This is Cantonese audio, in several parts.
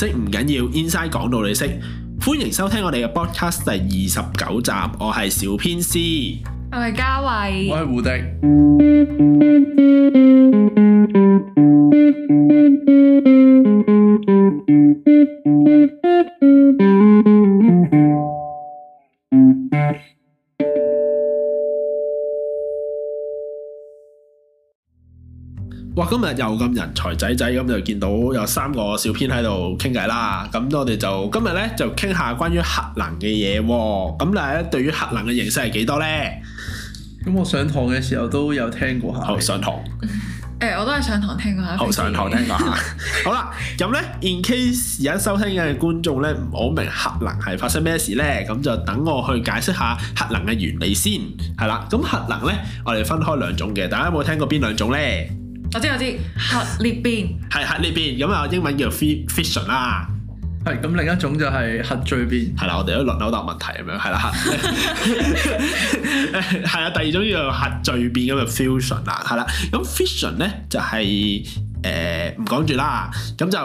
識唔緊要，inside 講到你識。歡迎收聽我哋嘅 podcast 第二十九集，我係小編師，我係嘉慧，我係胡迪。今日又咁人才仔仔咁就見到有三個小編喺度傾偈啦。咁我哋就今日咧就傾下關於核能嘅嘢、喔。咁但係，對於核能嘅認識係幾多咧？咁我上堂嘅時候都有聽過下。好上堂。誒、嗯欸，我都係上堂聽過下。好上堂聽過下。 好啦，咁咧，in case 而家收聽嘅觀眾咧唔好明核能係發生咩事咧，咁就等我去解釋下核能嘅原理先。係啦，咁核能咧，我哋分開兩種嘅，大家有冇聽過邊兩種咧？我知我知，核裂變，係核裂變咁啊！英文叫做 fission 啦、啊。係咁，另一種就係核聚變。係啦，我哋都問好大問題咁樣，係啦嚇。係啊， 第二種叫做核聚變咁嘅 fusion 啦。係啦，咁 fusion 咧就係誒唔講住啦。咁、呃、就。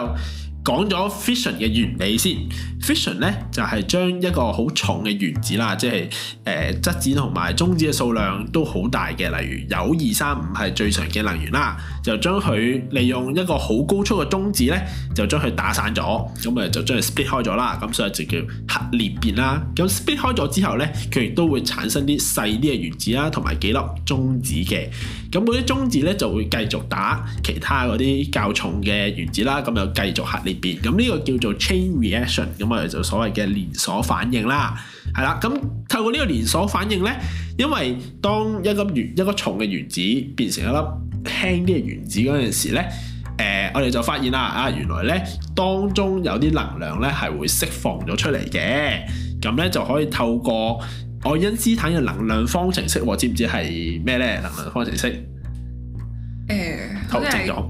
講咗 fission 嘅原理先 fission 咧就係、是、將一個好重嘅原子啦，即係誒、呃、質子同埋中子嘅數量都好大嘅，例如有二三五係最常嘅能源啦，就將佢利用一個好高速嘅中子咧，就將佢打散咗，咁誒就將佢 split 開咗啦，咁所以就叫核裂變啦。咁 split 開咗之後咧，佢亦都會產生啲細啲嘅原子啦，同埋幾粒中子嘅。咁嗰啲中子咧就會繼續打其他嗰啲較重嘅原子啦，咁又繼續核裂。咁呢個叫做 chain reaction，咁我哋就所謂嘅連鎖反應啦，係啦。咁透過呢個連鎖反應呢，因為當一粒原一個重嘅原子變成一粒輕啲嘅原子嗰陣時呢，誒、呃，我哋就發現啦，啊，原來呢當中有啲能量呢係會釋放咗出嚟嘅，咁呢就可以透過愛因斯坦嘅能量方程式，知唔知係咩呢能量方程式？誒、uh, 好，透淨咗。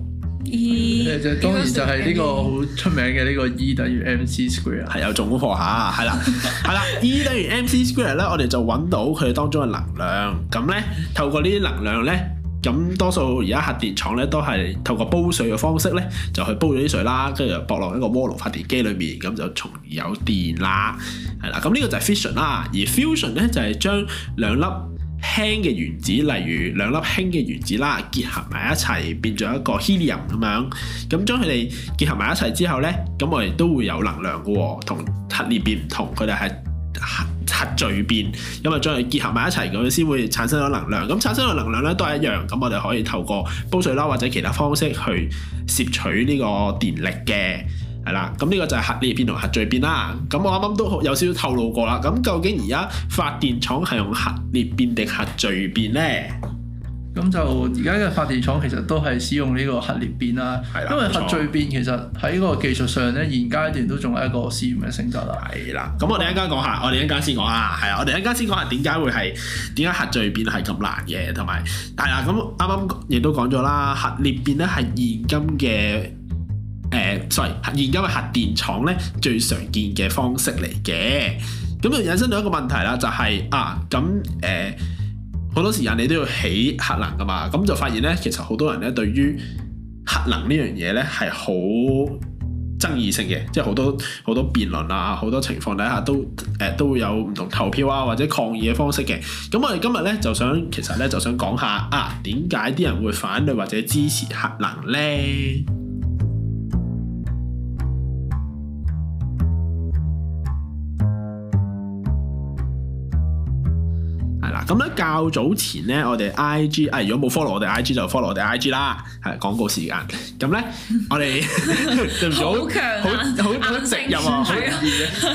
就當然就係呢個好出名嘅呢個 E 等於 MC square，係 有做功課下，係啦，係啦 ，E 等於 MC square 咧，我哋就揾到佢哋當中嘅能量，咁咧透過呢啲能量咧，咁多數而家核電廠咧都係透過煲水嘅方式咧，就去煲咗啲水啦，跟住又駁落一個鍋爐發電機裏面，咁就從而有電啦，係啦，咁呢個就係 f i s s i o n 啦，而 f i s s i o n 咧就係、是、將兩粒輕嘅原子，例如兩粒輕嘅原子啦，結合埋一齊變咗一個 helium 咁樣，咁將佢哋結合埋一齊之後咧，咁我哋都會有能量嘅喎，同核裂變唔同，佢哋係核聚變，因為將佢結合埋一齊咁先會產生咗能量，咁產生嘅能量咧都係一樣，咁我哋可以透過煲水啦或者其他方式去攝取呢個電力嘅。係啦，咁呢個就係核裂變同核聚變啦。咁我啱啱都有少少透露過啦。咁究竟而家發電廠係用核裂變定核聚變咧？咁就而家嘅發電廠其實都係使用呢個核裂變啦。係啦了，因為核聚變其實喺呢個技術上咧，現階段都仲係一個試驗嘅性質啦。係啦，咁我哋一陣講下，我哋一陣先講啊，係啊，我哋一陣先講下點解會係點解核聚變係咁難嘅，同埋但係啦。咁啱啱亦都講咗啦，核裂變咧係現今嘅。誒，sorry、uh, 現今嘅核電廠咧，最常見嘅方式嚟嘅。咁就引申到一個問題啦，就係、是、啊，咁誒好多時間你都要起核能噶嘛，咁就發現咧，其實好多人咧對於核能呢樣嘢咧係好爭議性嘅，即係好多好多辯論啊，好多情況底下都誒、呃、都會有唔同投票啊或者抗議嘅方式嘅，咁我哋今日咧就想其實咧就想講下啊，點解啲人會反對或者支持核能咧？咁咧較早前咧，我哋 I G，誒、啊、如果冇 follow 我哋 I G 就 follow 我哋 I G 啦，係廣告時間。咁咧，我哋好 對唔住強啊！好好好直入啊！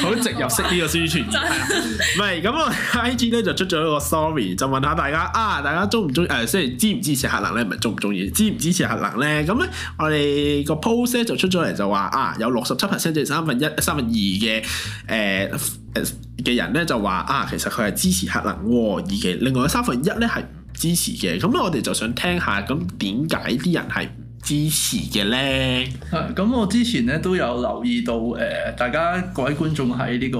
好直入式呢個宣傳，唔係咁我 I G 咧就出咗一個 story，就問下大家啊，大家中唔中意誒？雖然支唔支持核能咧，唔係中唔中意，支唔支持核能咧？咁咧，我哋個 post 就出咗嚟就話啊，有六十七 percent 即係三分一三分二嘅誒，啊嘅人咧就話啊，其實佢係支持核能，而其另外三分一咧係唔支持嘅。咁咧我哋就想聽下，咁點解啲人係唔支持嘅咧？咁、啊、我之前咧都有留意到，誒、呃、大家各位觀眾喺呢、這個誒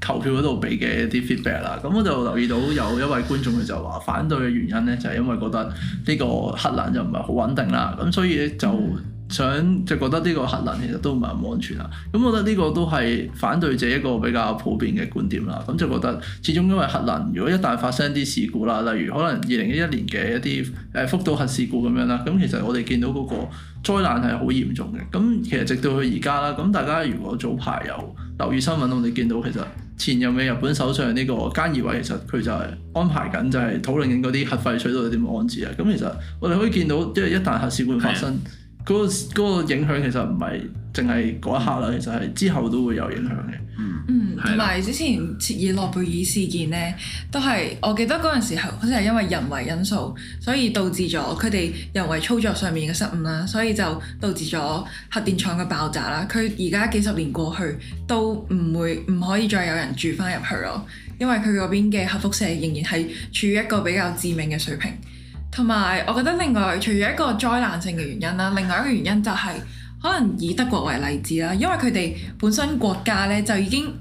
投、呃、票嗰度俾嘅一啲 feedback 啦。咁我就留意到有一位觀眾佢就話反對嘅原因咧就係、是、因為覺得呢個核能就唔係好穩定啦。咁所以就、嗯想就覺得呢個核能其實都唔係咁安全啦。咁我覺得呢個都係反對者一個比較普遍嘅觀點啦。咁就覺得，始終因為核能，如果一旦發生一啲事故啦，例如可能二零一一年嘅一啲誒福島核事故咁樣啦，咁其實我哋見到嗰個災難係好嚴重嘅。咁其實直到佢而家啦，咁大家如果早排有留意新聞，我哋見到其實前任嘅日本首相呢個菅義偉，其實佢就係安排緊，就係、是、討論緊嗰啲核廢水到底點安置啊。咁其實我哋可以見到，即係一旦核事故發生。嗰個影響其實唔係淨係嗰一刻啦，其實係之後都會有影響嘅。嗯，同埋的之前切爾諾貝爾事件呢，都係我記得嗰陣時候，好似係因為人為因素，所以導致咗佢哋人為操作上面嘅失誤啦，所以就導致咗核電廠嘅爆炸啦。佢而家幾十年過去都唔會唔可以再有人住翻入去咯，因為佢嗰邊嘅核輻射仍然係處於一個比較致命嘅水平。同埋，我覺得另外除咗一個災難性嘅原因啦，另外一個原因就係、是、可能以德國為例子啦，因為佢哋本身國家咧就已經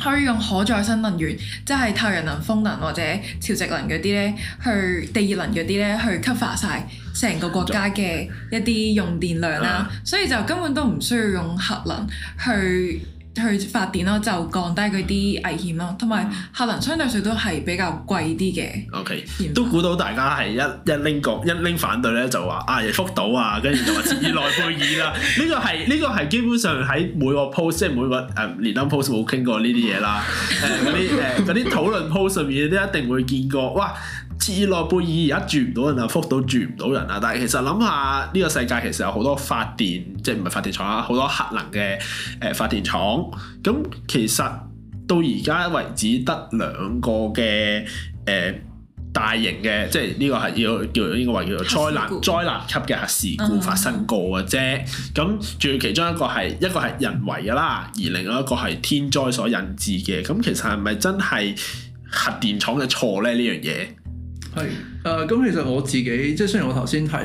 可以用可再生能源，即係太陽能、風能或者潮汐能嗰啲咧，去地熱能嗰啲咧去 cover 晒成個國家嘅一啲用電量啦，嗯、所以就根本都唔需要用核能去。去發電咯，就降低佢啲危險咯，同埋核能相對上都係比較貴啲嘅。O Okay , K，本都估到大家係一一拎過，一拎反對咧就話啊，福島啊，跟住就話切爾諾貝爾啦、啊。呢 個係呢、這個係基本上喺每個 post，即係每個誒連登 post 冇傾過呢啲嘢啦。誒嗰啲誒啲討論 post 上面都一定會見過，哇！切爾諾貝爾而家住唔到人啊，福島住唔到人啊。但係其實諗下呢個世界其實有好多發電，即係唔係發電廠啊，好多核能嘅誒發電廠。咁其實到而家為止得兩個嘅誒、呃、大型嘅，即係呢個係要叫應該話叫做災難災難級嘅核事故發生過嘅啫。咁仲要其中一個係一個係人為嘅啦，而另外一個係天災所引致嘅。咁其實係咪真係核電廠嘅錯咧？呢樣嘢？係，誒咁、呃、其實我自己，即係雖然我頭先提到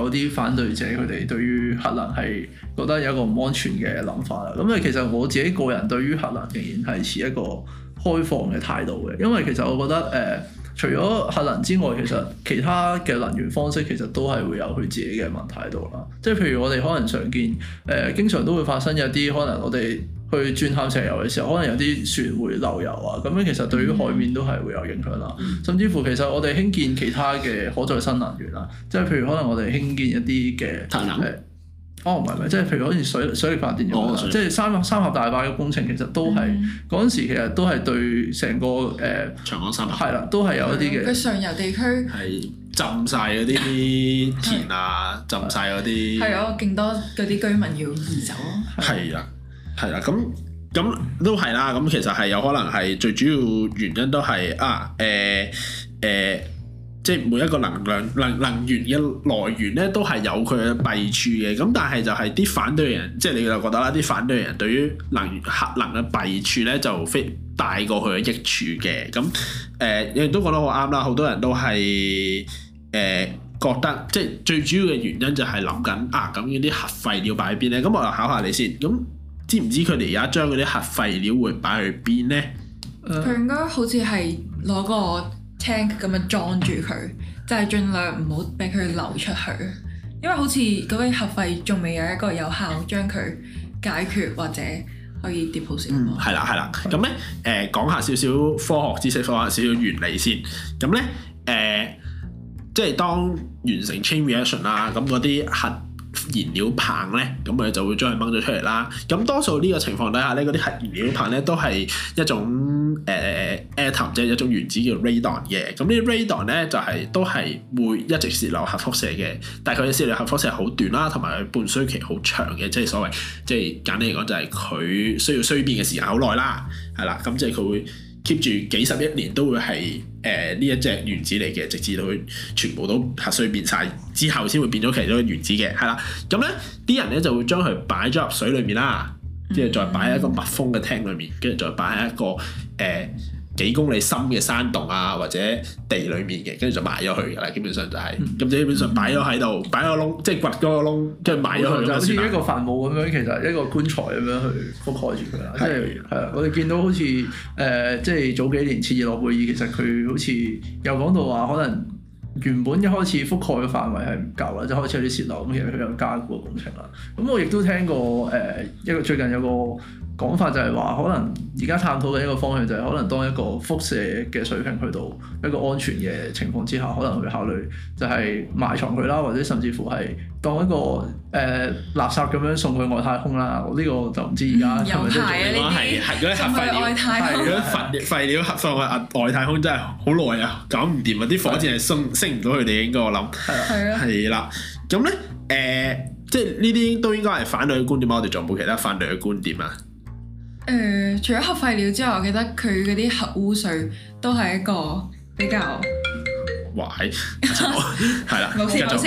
有啲反對者，佢哋對於核能係覺得有一個唔安全嘅諗法啦。咁誒，其實我自己個人對於核能仍然係持一個開放嘅態度嘅，因為其實我覺得誒、呃，除咗核能之外，其實其他嘅能源方式其實都係會有佢自己嘅問題喺度啦。即係譬如我哋可能常見，誒、呃、經常都會發生一啲可能我哋。去鑽探石油嘅時候，可能有啲船會漏油啊，咁樣其實對於海面都係會有影響啦。甚至乎其實我哋興建其他嘅可再生能源啦，即係譬如可能我哋興建一啲嘅、呃哦，即係哦唔係唔係，即係譬如好似水水力發電咁寸即係三三峽大壩嘅工程，其實都係嗰陣時，其實都係對成個誒、呃、長江三峽係啦，都係有一啲嘅上游地區係浸晒嗰啲田啊，浸晒嗰啲係啊，勁的多嗰啲居民要移走咯，係啊。係啦，咁咁都係啦，咁、嗯嗯嗯、其實係有可能係最主要原因都係啊，誒、嗯、誒、嗯，即係每一個能量能能源嘅來源咧，都係有佢嘅弊處嘅。咁但係就係啲反對人，即係你又覺得啦，啲反對人對於能核能嘅弊處咧，就非大過佢嘅益處嘅。咁、嗯、誒、呃，你都講得好啱啦，好多人都係誒、呃、覺得，即係最主要嘅原因就係諗緊啊，咁呢啲核廢料擺喺邊咧？咁我嚟考下你先咁。嗯嗯知唔知佢哋而家將嗰啲核廢料會擺去邊咧？佢應該好似係攞個 tank 咁樣裝住佢，就係盡量唔好俾佢流出去，因為好似嗰啲核廢仲未有一個有效將佢解決或者可以 Dispose 嘅係啦，係啦，咁咧誒，講下少少科學知識，講下少少少原理先。咁咧誒，即係當完成 chain reaction 啦，咁嗰啲核燃料棒咧，咁佢就會將佢掹咗出嚟啦。咁多數呢個情況底下咧，嗰啲核燃料棒咧都係一種誒、呃、atom，即係一種原子叫 radon 嘅。咁呢啲 radon 咧就係、是、都係會一直泄漏核輻射嘅。但係佢嘅泄漏核輻射係好短啦，同埋佢半衰期好長嘅，即係所謂即係簡單嚟講就係佢需要衰變嘅時間好耐啦，係啦。咁即係佢會 keep 住幾十億年都會係誒呢一隻原子嚟嘅，直至到佢全部都核衰變晒之後，先會變咗其他嘅原子嘅，係啦。咁咧啲人咧就會將佢擺咗入水裡面啦，即係再擺喺一個密封嘅廳裏面，跟住再擺喺一個誒。呃幾公里深嘅山洞啊，或者地裏面嘅，跟住就埋咗去嘅啦。基本上就係、是、咁，就、嗯、基本上擺咗喺度，擺、嗯、個窿，即係掘咗個窿，跟住埋咗。就好似一個墳墓咁樣，其實一個棺材咁樣去覆蓋住佢啦。係係啊，我哋見到好似誒、呃，即係早幾年次，切爾諾貝爾其實佢好似又講到話，可能原本一開始覆蓋嘅範圍係唔夠啦，即係開始有啲泄漏，咁其實佢有加固嘅工程啦。咁我亦都聽過誒，一、呃、個最近有個。講法就係話，可能而家探討嘅一個方向就係可能當一個輻射嘅水平去到一個安全嘅情況之下，可能會考慮就係埋藏佢啦，或者甚至乎係當一個誒、呃、垃圾咁樣送去外太空啦。呢個就唔知而家係咪真係做緊啦？係如果啲核廢料，係如果廢廢料核放去外太空真係好耐啊，搞唔掂啊！啲火箭係升升唔到佢哋應該我諗係啊，係啦的。咁咧誒，即係呢啲都應該係反對嘅觀點，我哋仲冇其他反對嘅觀點啊。誒、呃，除咗核廢料之外，我記得佢嗰啲核污水都係一個比較壞，係 啦。冇事冇事，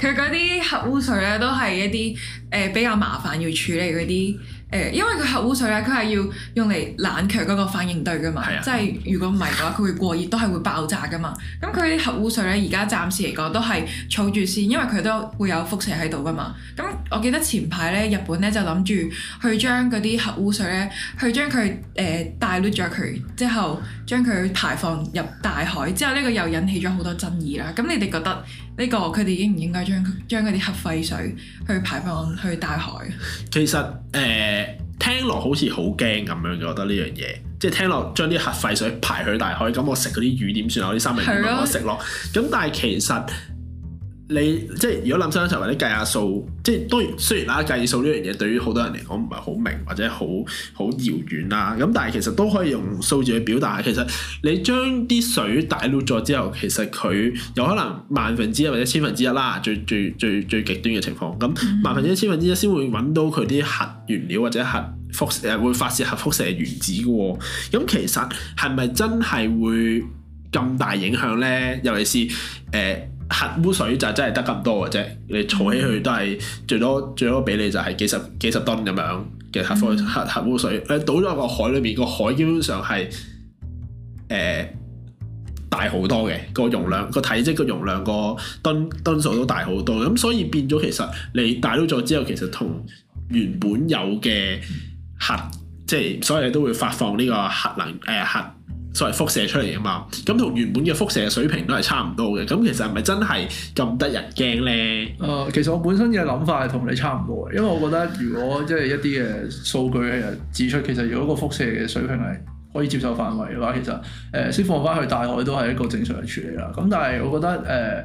佢嗰啲核污水咧都係一啲誒比較麻煩要處理嗰啲。誒，因為佢核污水咧，佢係要用嚟冷卻嗰個反應堆噶嘛，即係如果唔係嘅話，佢會過熱都係會爆炸噶嘛。咁佢啲核污水咧，而家暫時嚟講都係儲住先，因為佢都會有輻射喺度噶嘛。咁我記得前排咧，日本咧就諗住去將嗰啲核污水咧，去將佢誒帶咗佢之後，將佢排放入大海。之後呢個又引起咗好多爭議啦。咁你哋覺得？呢、個佢哋應唔應該將將嗰啲核廢水去排放去大海？其實誒、呃、聽落好似好驚咁樣，我覺得呢樣嘢，即係聽落將啲核廢水排去大海，咁我食嗰啲魚點算是啊我？我啲三文魚咁我食咯？咁但係其實。你即係如果諗深一層或者計下數，即係當然雖然啦，計數呢樣嘢對於好多人嚟講唔係好明或者好好遙遠啦。咁但係其實都可以用數字去表達。其實你將啲水大濾咗之後，其實佢有可能萬分之一或者千分之一啦，最最最最極端嘅情況咁，嗯、萬分之一、千分之一先會揾到佢啲核原料或者核輻射會發射核輻射原子嘅喎。咁其實係咪真係會咁大影響咧？尤其是誒。呃核污水就真係得咁多嘅啫，你儲起去都係最多最多俾你就係幾十幾十噸咁樣嘅核廢核核污水，你倒咗個海裏面，個海基本上係誒、呃、大好多嘅，個容量個體積個容量個噸噸數都大好多，咁所以變咗其實你大咗之後，其實同原本有嘅核即係所有都會發放呢個核能誒、呃、核。所謂輻射出嚟啊嘛，咁同原本嘅輻射水平都係差唔多嘅，咁其實係咪真係咁得人驚咧？誒、呃，其實我本身嘅諗法係同你差唔多嘅，因為我覺得如果即係、就是、一啲嘅數據嘅人指出，其實如果個輻射嘅水平係可以接受範圍嘅話，其實誒先、呃、放翻去大海都係一個正常嘅處理啦。咁但係我覺得誒、呃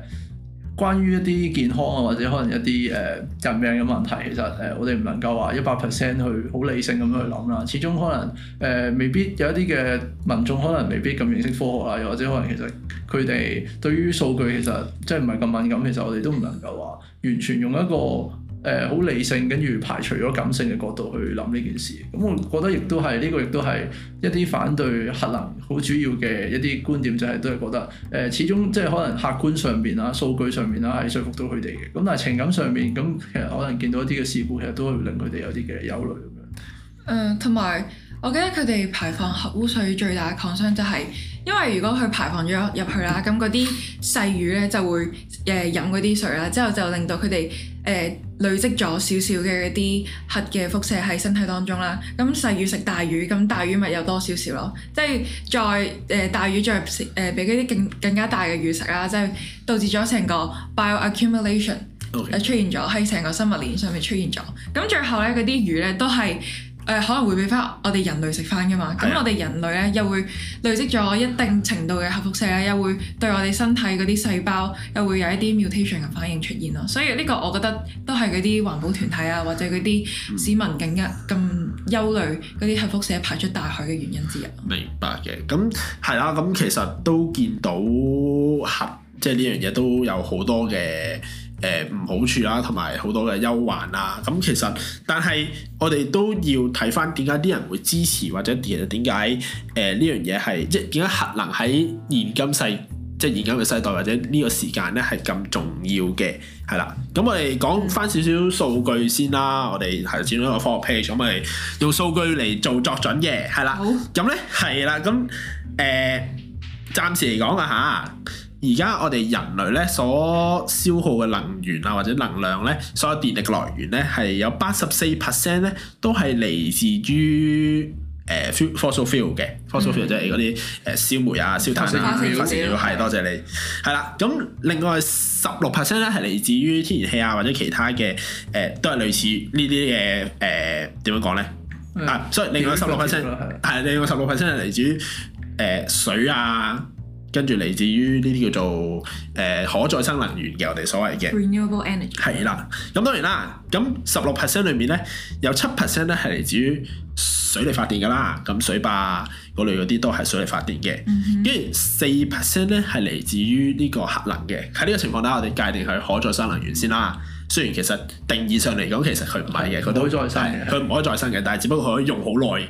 關於一啲健康啊，或者可能一啲誒、呃、人命嘅問題，其實誒、呃、我哋唔能夠話一百 percent 去好理性咁樣去諗啦。始終可能誒、呃、未必有一啲嘅民眾可能未必咁認識科學啊，又或者可能其實佢哋對於數據其實即係唔係咁敏感。其實我哋都唔能夠話完全用一個。誒好、呃、理性，跟住排除咗感性嘅角度去諗呢件事，咁我覺得亦都係呢個，亦都係一啲反對核能好主要嘅一啲觀點，就係都係覺得誒、呃、始終即係可能客觀上面啦、數據上面啦係說服到佢哋嘅，咁但係情感上面，咁其實可能見到一啲嘅事故，其實都會令佢哋有啲嘅憂慮咁樣。同埋、嗯。我記得佢哋排放核污水最大嘅 concern 就係，因為如果佢排放咗入去啦，咁嗰啲細魚呢就會誒、呃、飲嗰啲水啦，之後就令到佢哋誒累積咗少少嘅嗰啲核嘅輻射喺身體當中啦。咁細魚食大魚，咁大魚咪又多少少咯，即係再誒、呃、大魚再誒俾嗰啲更更加大嘅魚食啦，即係導致咗成個 bioaccumulation Okay. 出現咗，喺成個生物鏈上面出現咗。咁最後呢，嗰啲魚呢都係。誒可能會俾翻我哋人類食翻㗎嘛，咁是的 我哋人類咧又會累積咗一定程度嘅核輻射咧，又會對我哋身體嗰啲細胞又會有一啲 mutation 嘅反應出現咯，所以呢個我覺得都係嗰啲環保團體啊，或者嗰啲市民更加咁憂慮嗰啲核輻射排出大海嘅原因之一。明白嘅，咁係啦，咁其實都見到核即係呢樣嘢都有好多嘅。誒唔、呃、好處啦，同埋好多嘅憂患啊！咁其實，但係我哋都要睇翻點解啲人會支持，或者點解誒呢樣嘢係即係點解核能喺現今世即係、就是、現今嘅世代或者呢個時間咧係咁重要嘅係啦。咁我哋講翻少少數據先啦。我哋係轉到一個科學 page，咁我哋用數據嚟做作準嘅係啦。好咁咧係啦，咁誒、呃、暫時嚟講啊嚇。而家我哋人類咧所消耗嘅能源啊，或者能量咧，所有電力嘅來源咧，係有八十四 percent 咧，都係嚟自於誒 fuel、呃、fossil fuel 嘅 fossil fuel 即係嗰啲誒燒煤啊、燒炭。啊、化石燃料係多謝你。係啦，咁另外十六 percent 咧係嚟自於天然氣啊，或者其他嘅誒、呃，都係類似、呃、呢啲嘅。誒點樣講咧？啊，所以另外十六 percent 係另外十六 percent 係嚟自於誒、呃、水啊。跟住嚟自於呢啲叫做誒、呃、可再生能源嘅我哋所謂嘅，Renewable energy. 係啦。咁當然啦，咁十六 percent 裏面咧有七 percent 咧係嚟自於水力發電㗎啦。咁水壩嗰類嗰啲都係水力發電嘅。跟住四 percent 咧係嚟自於呢個核能嘅。喺呢個情況底下，我哋界定佢可再生能源先啦。Mm hmm. 雖然其實定義上嚟講，其實佢唔係嘅，佢 Okay, 都可以再生嘅，佢唔可以再生嘅， 但係只不過佢可以用好耐，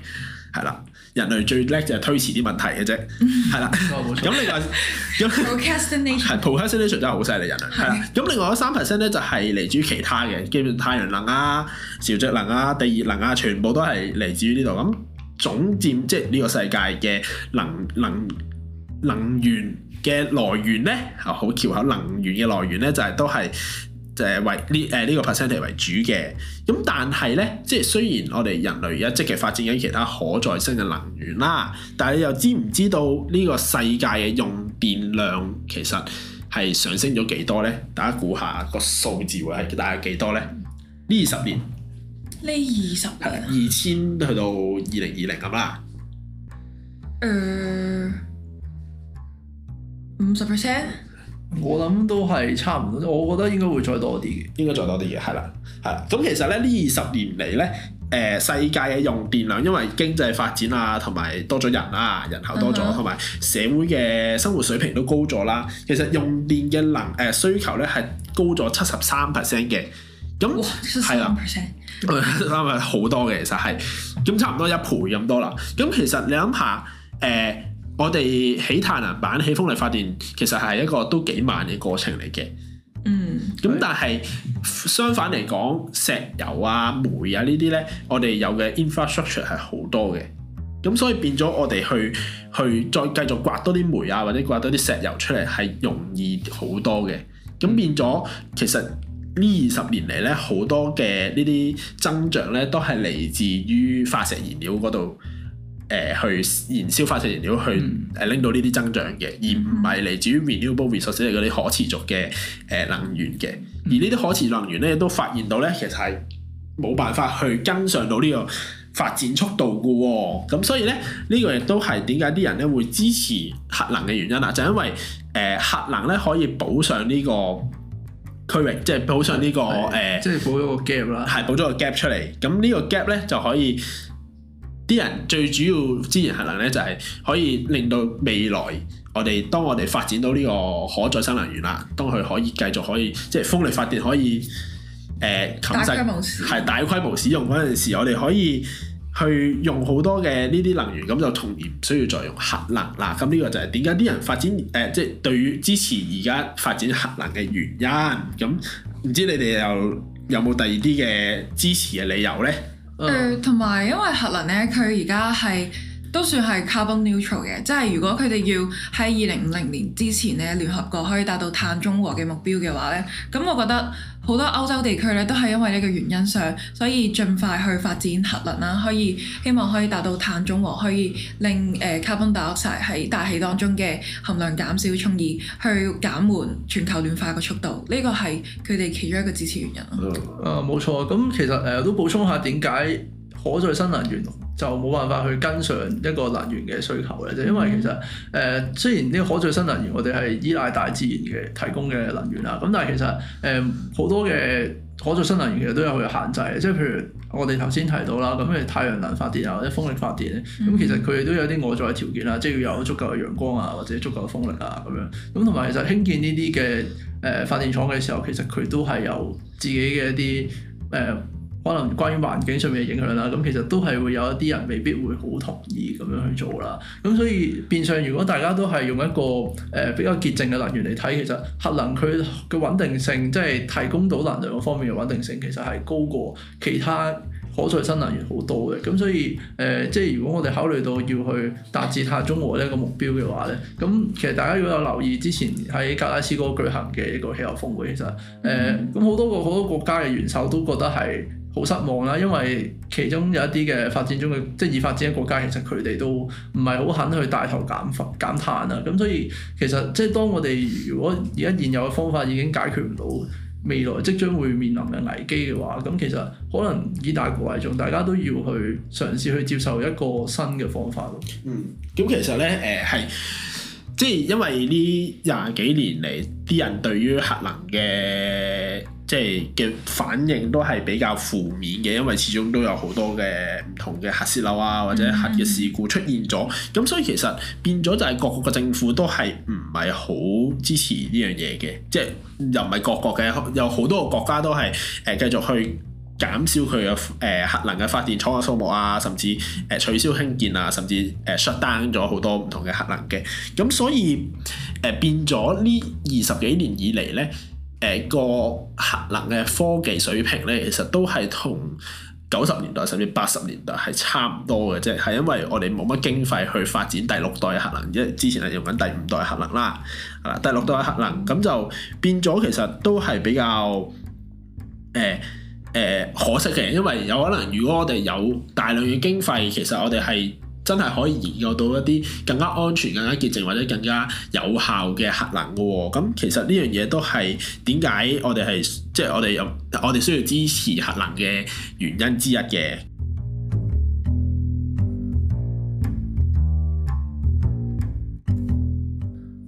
係啦。人類最叻就係推遲啲問題嘅啫，係啦、嗯。咁你話係 procrastination 真係好犀利，人類。係啦。咁另外三 percent 咧就係、是、嚟自於其他嘅，基本太陽能啊、潮汐能啊、地熱能啊，全部都係嚟自於呢度。咁總佔即係呢個世界嘅能能能源嘅來源咧，好橋口能源嘅來源咧就係都係。就係為呢誒呢個 percent 嚟為主嘅，咁但係咧，即係雖然我哋人類一直嘅發展緊其他可再生嘅能源啦，但係你又知唔知道呢個世界嘅用電量其實係上升咗幾多咧？大家估下個數字會係大約幾多咧？呢二十年，呢二十年，二千去到二零二零咁啦。誒、呃，五十 percent。我諗都係差唔多，我覺得應該會再多啲嘅。應該再多啲嘅，係啦，係啦。咁其實咧，呢二十年嚟咧，誒、呃、世界嘅用電量，因為經濟發展啊，同埋多咗人啊，人口多咗，同埋、嗯、哼社會嘅生活水平都高咗啦。其實用電嘅能誒、呃、需求咧係高咗七十三 percent 嘅。咁係啦，好 多嘅其實係，咁差唔多一倍咁多啦。咁、嗯、其實你諗下，誒、呃。我哋起太陽板、起風力發電，其實係一個都幾慢嘅過程嚟嘅。嗯，咁但係相反嚟講，石油啊、煤啊呢啲咧，我哋有嘅 infrastructure 係好多嘅。咁所以變咗，我哋去去再繼續刮多啲煤啊，或者刮多啲石油出嚟，係容易好多嘅。咁變咗，其實呢二十年嚟咧，好多嘅呢啲增長咧，都係嚟自於化石燃料嗰度。誒、呃、去燃燒化石燃料去誒拎，嗯呃、到呢啲增長嘅，而唔係嚟自於 renewable resources 嗰啲可持續嘅誒、呃、能源嘅。而呢啲可持續能源咧亦都發現到咧，其實係冇辦法去跟上到呢個發展速度嘅喎，哦。咁所以咧、呢、這個亦都係點解啲人咧會支持核能嘅原因啦，啊，就是，因為誒、呃、核能咧可以補上呢個區域，即係補上呢個誒，即係補咗個 gap 啦，係補咗個 gap 出嚟。咁呢個 gap 咧就可以。啲人最主要資源核能咧，就係、是、可以令到未來我哋當我哋發展到呢個可再生能源啦，當佢可以繼續可以即係、就是、風力發電可以誒、呃，大規模係大規模使用嗰陣時，我哋可以去用好多嘅呢啲能源，咁就從而唔需要再用核能啦。咁呢個就係點解啲人發展誒，即、呃、係、就是、對於支持而家發展核能嘅原因。咁唔知你哋又有冇第二啲嘅支持嘅理由咧？誒，同埋、uh. 因為核能咧，佢而家係。都算係 carbon neutral 嘅，即係如果佢哋要喺二零五零年之前咧，聯合國可以達到碳中和嘅目標嘅話咧，咁我覺得好多歐洲地區咧都係因為呢個原因上，所以盡快去發展核能啦，可以希望可以達到碳中和，可以令誒、呃、carbon dioxide 喺大氣當中嘅含量減少，從而去減緩全球暖化嘅速度。呢個係佢哋其中一個支持原因咯。啊，冇錯。咁其實誒、呃、都補充下點解可再生能源，就冇辦法去跟上一個能源嘅需求嘅。就因為其實誒、呃、雖然啲可再生能源我哋係依賴大自然嘅提供嘅能源啦，咁但係其實誒好、呃、多嘅可再生能源其實都有佢嘅限制，即係譬如我哋頭先提到啦，咁譬如太陽能發電啊或者風力發電，咁、嗯、其實佢哋都有啲外在條件啦，即係要有足夠嘅陽光啊或者足夠嘅風力啊咁樣，咁同埋其實興建呢啲嘅誒發電廠嘅時候，其實佢都係有自己嘅一啲誒。呃可能關於環境上面嘅影響啦，咁其實都係會有一啲人未必會好同意咁樣去做啦。咁所以變相如果大家都係用一個誒、呃、比較潔淨嘅能源嚟睇，其實核能佢嘅穩定性，即係提供到能量方面嘅穩定性，其實係高過其他可再生能源好多嘅。咁所以誒、呃，即係如果我哋考慮到要去達至碳中和呢個目標嘅話咧，咁其實大家如果有留意之前喺格拉斯哥舉行嘅一個氣候峯會，其實誒咁好多個好多國家嘅元首都覺得係。好失望啦、啊，因為其中有一啲嘅發展中嘅即係已發展嘅國家，其實佢哋都唔係好肯去帶頭減減碳啦、啊。咁、嗯、所以其實即係當我哋如果而家現有嘅方法已經解決唔到未來即將會面臨嘅危機嘅話，咁其實可能以大局為重，大家都要去嘗試去接受一個新嘅方法咯。咁其實呢，誒、呃、係即係因為呢廿幾年嚟，啲人對於核能嘅。即係嘅反應都係比較負面嘅，因為始終都有好多嘅唔同嘅核洩漏啊，或者核嘅事故出現咗。咁、嗯、所以其實變咗就係各國嘅政府都係唔係好支持呢樣嘢嘅。即係又唔係各國嘅，有好多個國家都係誒、呃、繼續去減少佢嘅誒核能嘅發電廠嘅數目啊，甚至誒、呃、取消興建啊，甚至誒 shut down 咗好多唔同嘅核能嘅。咁所以誒、呃、變咗呢二十幾年以嚟咧。誒、呃、個核能嘅科技水平咧，其實都係同九十年代甚至八十年代係差唔多嘅啫，係、就是、因為我哋冇乜經費去發展第六代核能，即係之前係用緊第五代核能啦，係啦，第六代核能咁就變咗，其實都係比較誒誒、呃呃、可惜嘅，因為有可能如果我哋有大量嘅經費，其實我哋係真係可以研究到一啲更加安全、更加潔淨或者更加有效嘅核能嘅喎，咁其實呢樣嘢都係點解我哋係即係我哋有我哋需要支持核能嘅原因之一嘅。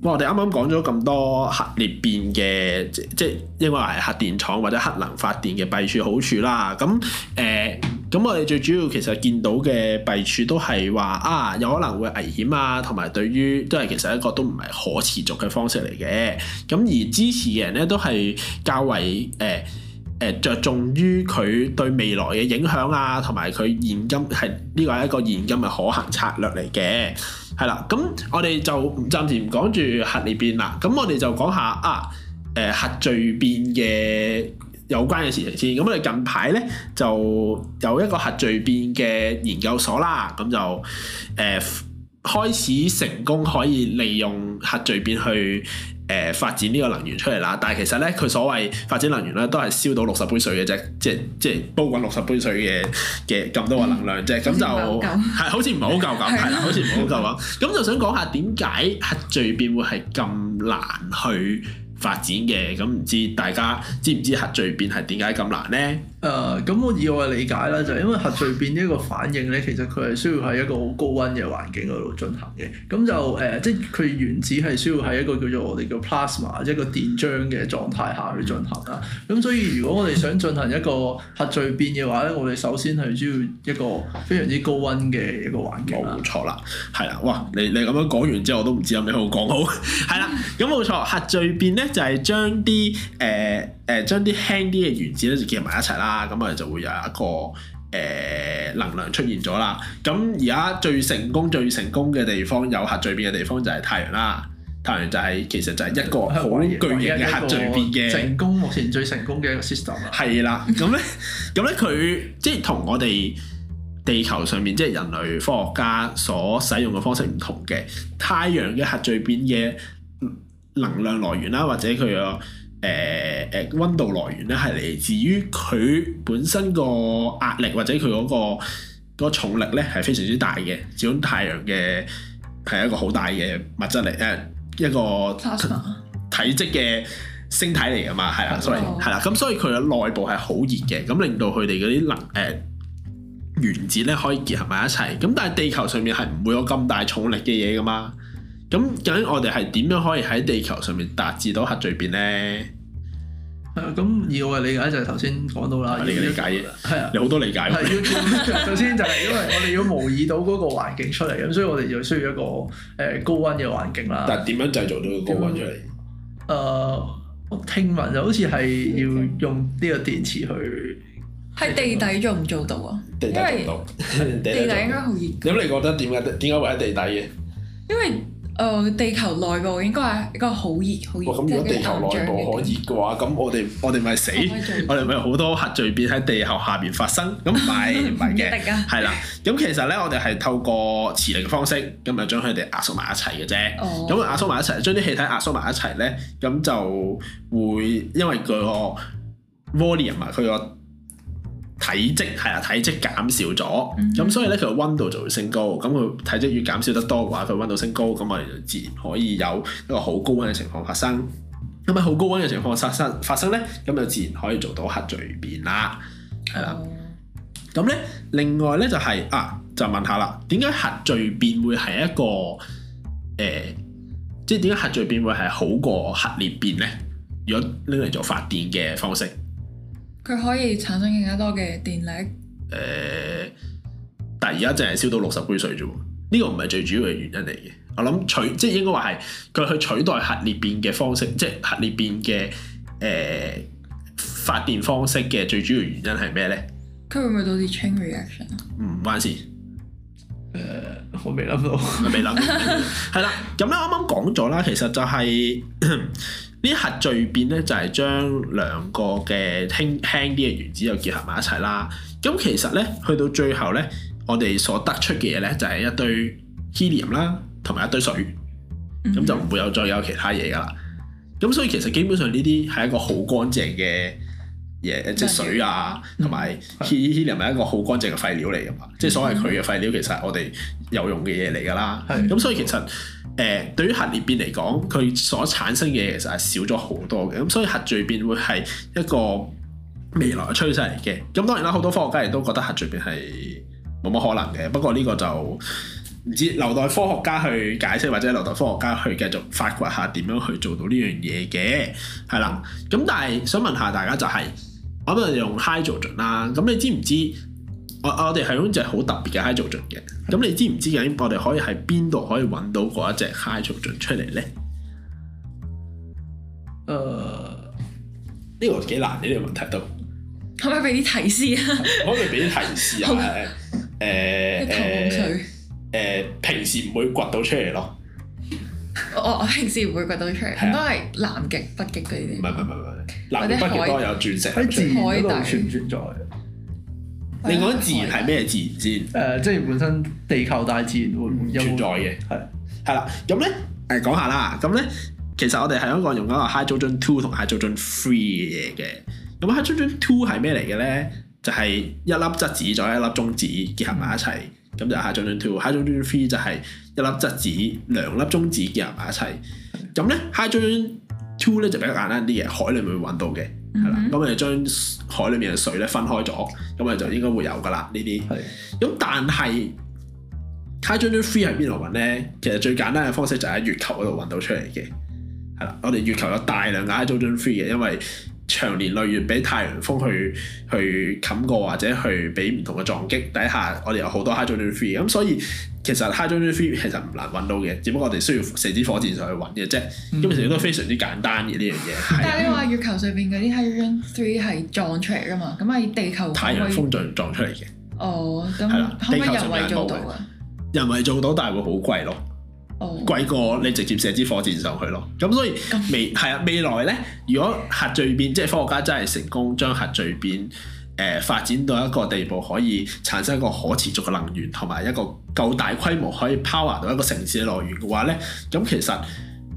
哇！我哋啱啱講咗咁多核裂變嘅即即應該係核電廠或者核能發電嘅弊處好處啦，咁誒。呃咁我哋最主要其實見到嘅弊處都係話啊，有可能會危險啊，同埋對於都係其實一個都唔係可持續嘅方式嚟嘅。咁而支持嘅人咧都係較為誒誒著重於佢對未來嘅影響啊，同埋佢現今係呢個係一個現今嘅可行策略嚟嘅。係啦，咁我哋就唔暫時唔講住核裂變啦，咁我哋就講下啊、呃、核聚變嘅。有關嘅事情先，咁我哋近排咧就有一個核聚變嘅研究所啦，咁就誒、呃、開始成功可以利用核聚變去誒、呃、發展呢個能源出嚟啦。但係其實咧，佢所謂發展能源咧，都係燒到六十杯水嘅啫，即係即係煲滾六十杯水嘅嘅咁多個能量啫。咁、嗯、就係好似唔係好夠咁係啦，好似唔係好夠咁。咁 就想講下點解核聚變會係咁難去發展嘅。咁唔知大家知唔知核聚變係點解咁難咧？誒、呃，咁我以我嘅理解啦，就係、是、因為核聚變呢一個反應咧，其實佢係需要喺一個好高温嘅環境嗰度進行嘅。咁就誒、呃，即係佢原子係需要喺一個叫做我哋叫 plasma，即係一個電漿嘅狀態下去進行啦。咁所以如果我哋想進行一個核聚變嘅話咧，我哋首先係需要一個非常之高温嘅一個環境。冇、哦、錯啦，係啦，哇！你你咁樣講完之後，我都唔知有咩好講。好，係 啦，咁冇錯，核聚變咧。就係將啲誒誒將啲輕啲嘅原子咧，就結合埋一齊啦，咁啊就會有一個誒、呃、能量出現咗啦。咁而家最成功、最成功嘅地方有核聚變嘅地方就係太陽啦。太陽就係、是、其實就係一個好巨型嘅核聚變嘅成功，目前最成功嘅一個 system、啊。係啦，咁咧，咁咧佢即係同我哋地球上面即係人類科學家所使用嘅方式唔同嘅。太陽嘅核聚變嘅。能量來源啦，或者佢個誒誒溫度來源咧，係嚟自於佢本身個壓力或者佢嗰個重力咧，係非常之大嘅。至於太陽嘅係一個好大嘅物質嚟，誒、呃、一個體積嘅星體嚟噶嘛，係啦，sorry，係啦，咁所以佢嘅內部係好熱嘅，咁令到佢哋嗰啲能誒、呃、原子咧可以結合埋一齊。咁但係地球上面係唔會有咁大重力嘅嘢噶嘛？咁究竟我哋係點樣可以喺地球上面達至到核聚變咧？咁而我嘅理解就係頭先講到啦，啊、理解係、嗯、啊，有好多理解、啊。首先是 就係因為我哋要模擬到嗰個環境出嚟，咁所以我哋就需要一個誒、呃、高溫嘅環境啦。但係點樣製造到個高溫出嚟？誒、呃，我聽聞就好似係要用呢個電池去喺地底做唔做到啊？為地，底到 地底做到，地底應該好熱。咁你覺得點解點解會喺地底嘅？因為誒、哦、地球內部應該係一個好熱，好熱。咁如果地球內部可以熱嘅話，咁我哋我哋咪死，我哋咪好多核聚變喺地球下邊發生。咁唔係，唔係嘅，係啦。 咁其實咧，我哋係透過磁力嘅方式，咁就將佢哋壓縮埋一齊嘅啫。咁、哦、壓縮埋一齊，將啲氣體壓縮埋一齊咧，咁就會因為佢個 volume 啊，佢個。體積係啊，體積減少咗，咁、嗯、所以咧，佢溫度就會升高。咁佢體積越減少得多嘅話，佢溫度升高，咁我哋就自然可以有一個好高溫嘅情況發生。咁啊，好高溫嘅情況發生發生咧，咁就自然可以做到核聚變啦，係啦。咁咧、嗯，另外咧就係、是、啊，就問下啦，點解核聚變會係一個誒，即係點解核聚變會係好過核裂變咧？如果拎嚟做發電嘅方式？佢可以產生更加多嘅電力。誒、呃，但而家淨係燒到六十杯水啫喎，呢個唔係最主要嘅原因嚟嘅。我諗取即係應該話係佢去取代核裂變嘅方式，即係核裂變嘅誒、呃、發電方式嘅最主要原因係咩咧？佢會唔會導致 chain reaction 唔、嗯、關事。誒、呃，我未諗到，未諗 係 啦 咁啦，啱啱講咗啦，其實就係、是。呢核聚變咧就係將兩個嘅輕輕啲嘅原子又結合埋一齊啦。咁其實咧去到最後咧，我哋所得出嘅嘢咧就係一堆 helium 啦，同埋一堆水。咁就唔會有再有其他嘢噶啦。咁所以其實基本上呢啲係一個好乾淨嘅嘢，即係水啊，同埋 helium 係一個好乾淨嘅廢料嚟噶嘛。即係所謂佢嘅廢料，其實係我哋有用嘅嘢嚟噶啦。咁所以其實。誒、呃、對於核裂變嚟講，佢所產生嘅其實係少咗好多嘅，咁、嗯、所以核聚變會係一個未來嘅趨勢嚟嘅。咁、嗯、當然啦，好多科學家亦都覺得核聚變係冇乜可能嘅。不過呢個就唔知留待科學家去解釋，或者留待科學家去繼續發掘下點樣去做到呢樣嘢嘅，係、嗯、啦。咁、嗯嗯嗯、但係想問下大家就係、是，我哋用氦做盡啦，咁、嗯、你知唔知？啊、我哋係一隻好特別嘅海藻菌嘅，咁你知唔知緊我哋可以喺邊度可以揾到嗰一隻海藻菌出嚟咧？誒、呃，呢、這個幾難呢、這個問題都可唔可以俾啲提示啊？可以俾啲提示啊！誒誒誒，誒、欸、平時唔會掘到出嚟咯。我我平時唔會掘到出嚟，應該係南極、北極嗰啲。唔係唔係唔係，南極、北極都有鑽石，喺自然嗰度存唔存在？你講自然係咩自然先？誒、嗯呃，即係本身地球大自然會存在嘅，係係啦。咁咧誒，講下啦。咁咧，其實我哋係想講用緊嗰個 hydrogen two 同 hydrogen three 嘅嘢嘅。咁 hydrogen two 係咩嚟嘅咧？就係、是、一粒質子再一粒中子結合埋一齊，咁就 hydrogen two。hydrogen three 就係一粒質子兩粒中子結合埋一齊。咁咧 hydrogen two 咧就比較簡單啲嘢，海裡面會搵到嘅。係啦，咁我哋將海裡面嘅水咧分開咗，咁我哋就應該會有㗎喇的呢啲。咁但係 hydrogen 3喺邊度揾咧？其實最簡單嘅方式就喺月球嗰度揾到出嚟嘅。係啦，我哋月球有大量 hydrogen 3嘅，因為長年累月俾太陽風去去冚過或者去俾唔同嘅撞擊底下，我哋有好多 hydrogen 3。咁所以。其實 hydrogen three 其實唔難揾到嘅，只不過我哋需要射支火箭上去揾嘅啫。咁其實都非常之簡單嘅呢樣嘢。嗯、但係你話月球上邊嗰啲 hydrogen three 係撞出嚟㗎嘛？咁係地球太陽風撞撞出嚟嘅。哦，咁係啦，可唔可以人為做到啊？人為做到，但係會好貴咯。哦、貴過你直接射支火箭上去咯。咁所以未係啊， 未來咧，如果核聚變，即係科學家真係成功將核聚變。誒、呃、發展到一個地步，可以產生一個可持續嘅能源，同埋一個夠大規模可以 power 到一個城市嘅來源嘅話咧，咁、嗯、其實誒、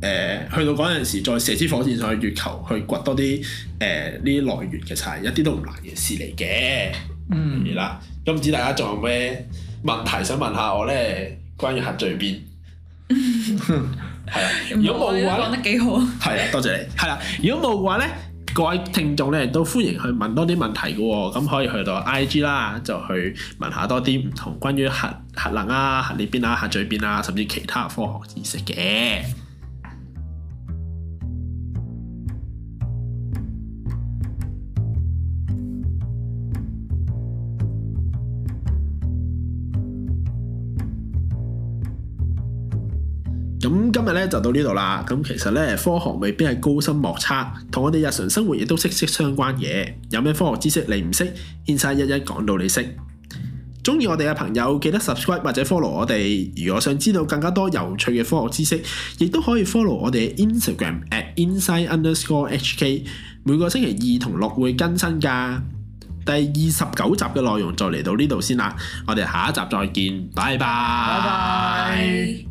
呃、去到嗰陣時，再射支火箭上去月球，去掘多啲誒呢啲來源嘅柴，其實一啲都唔難嘅事嚟嘅。嗯，啦，咁唔知大家仲有咩問題想問下我咧？關於核聚變，係 啦。如果冇嘅話， 得幾挺好。係 啊，多謝你。係啦，如果冇嘅話咧。各位聽眾咧都歡迎去問多啲問題嘅喎、哦，咁可以去到 I G 啦，就去問下多啲唔同關於核核能啊、核裂變啊、核聚變啊，甚至其他科學知識嘅。咁今日咧就到呢度啦。咁其實咧，科學未必係高深莫測，同我哋日常生活亦都息息相關嘅。有咩科學知識你唔識，Insight 一一講到你識。鍾意我哋嘅朋友記得 subscribe 或者 follow 我哋。如果想知道更加多有趣嘅科學知識，亦都可以 follow 我哋嘅 Instagram at Insight_HK。每個星期二同六會更新㗎。第二十九集嘅內容就嚟到呢度先啦。我哋下一集再見，拜拜。